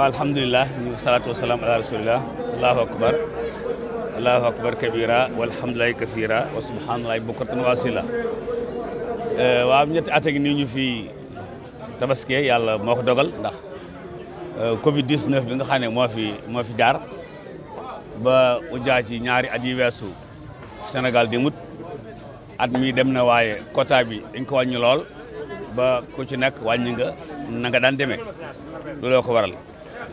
waaw alhamdulilah ñu salaatu wasalaam ala rasulillah allahu akbar allahu akbar kabira walhamdulilahi kafira wa subhanallahi bukratan wa asila eh, waaw ñetti at a ngi nii ñu fi tabaske yàlla moo ko dogal ndax eh, covid 19 bi nga xam ne moo fi moo fi jaar ba ujaa ci ñaari at yi weesu at mi dem na waaye quota bi dañ ko wàññi lool ba ku ci nekk wàññi nga na nga daan demee looloo ko waral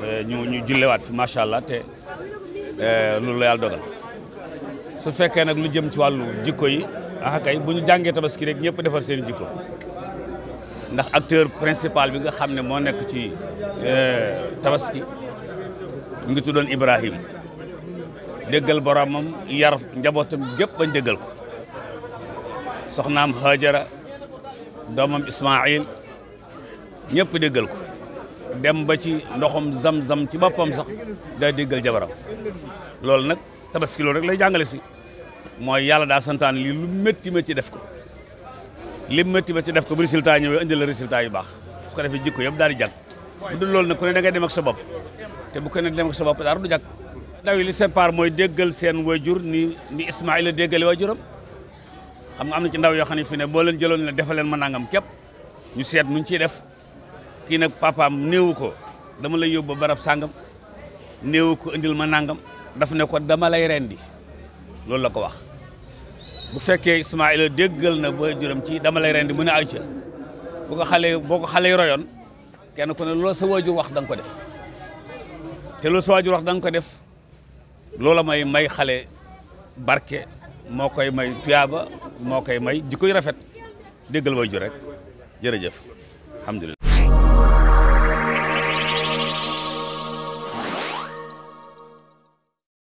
Euh, ñu ñu jullewaat fi macha allah te euh, loolu la yàlla dogal su fekkee nag lu jëm ci wàllu jikko yi ah kay bu ñu jàngee tabaski rek ñëpp defar seen jikko ndax acteur principal bi nga xam ne moo nekk ci euh, tabaski mu ngi tuddoon Ibrahim déggal boromam yar njabootam gépp bañ déggal ko soxnaam Hajara doomam Ismail ñëpp déggal ko dem ba ci ndoxum zam-zam ci boppam sax day déggal jabaram loolu nag tabaski loolu rek lay jàngale si mooy yàlla daa santaan lii lu métti ci def ko li métti ci def ko bu résultat ñëwee indil la résultat yu baax su ko defee jikko yëpp daal di jàkk bu dul loolu nag ku ne da ngay dem ak sa bopp te bu ko ne dem ak sa bopp dara du jàkk daw yi li seen part mooy déggal seen wajur ni ni Ismaïla déggale wajuram xam nga am na ci ndaw yoo xam ne fi ne boo leen jëloon ne leen ma nangam képp ñu seet nuñ ciy def kii nag papaam néewu ko dama lay yóbbu barab sàngam néewu ko indil ma nangam daf ne ko dama lay rendi loolu la ko wax bu fekkee Ismaïla déggal na ba juróom ci dama lay rendi mu ne ayca bu ko xale boo ko xale royoon kenn ku ne loola sa waajur wax danga ko def te loolu sa waajur wax danga ko def loola may may xale barke moo koy may tuyaaba moo koy may jikko yu rafet déggal waajur rek jërëjëf alhamdulilah